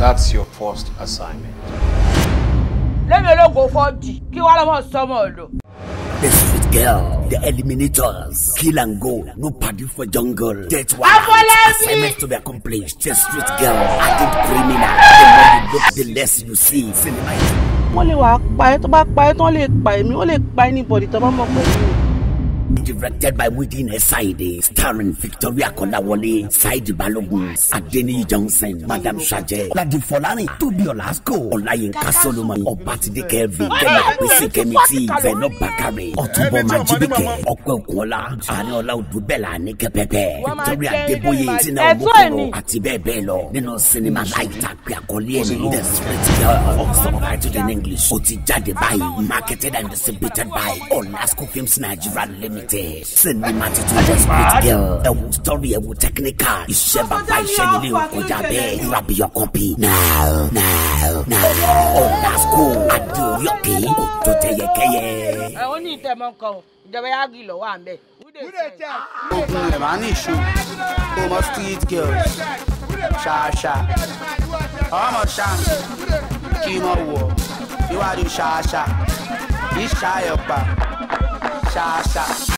That's your first assignment. Let Lẹ́mi ológo fọ́ọ̀dì kí wàá lọ́mọ sọmọ lò. The street girl, the eliminators, kill and go, no party for jungle, death wife, assignments to be accomplished, the street girl, active criminal, the more you look, the less you see, cinema. Wọ́n lè wàá it ẹ́ tó it pa ẹ́ tán lè pa ẹ̀mí, ó anybody tó bá mọ̀ Directed by Muideen Saidi, starring Victoria Kolawole, Side Balogun, Adeniyi Johnson, Madam Shaje. Ladi Folarin, Tobi Olasco, Olayinka Solomon, Obatide Kelvin, Kemi Apese Kemiti, Veno Bakare, Ọ̀túnbọ̀ Majibike, Kola, Okunla, Udubela, Odubela Anikẹpẹpẹ, Victoria Adeboye, Tina Omokoro, àti bẹ́ẹ̀ bẹ́ẹ̀ lọ. Nínú sinimá láì tàgbé The Spirit of Subtitled in English. Ó ti jáde marketed and distributed by Olasco Films Nigeria Limited limited sinima titun just great girl ẹ story ẹ wo technical iṣẹ́ bàbá iṣẹ́ nílé o kọjá bẹ́ẹ̀ rabi your copy now now now ọ̀nà oh, school adúlọ́ yọ̀kì kò tó tẹ yẹkẹyẹ. ẹ ó ní ìtẹ̀mọ́ kan o ìjọba yà á gbin lọ́wọ́ à ń bẹ̀. Mani shoe, home of street girls, sha sha, ọmọ sham, kí mo wọ̀, iwájú sha sha, ìṣàyọ̀pá, sha sha.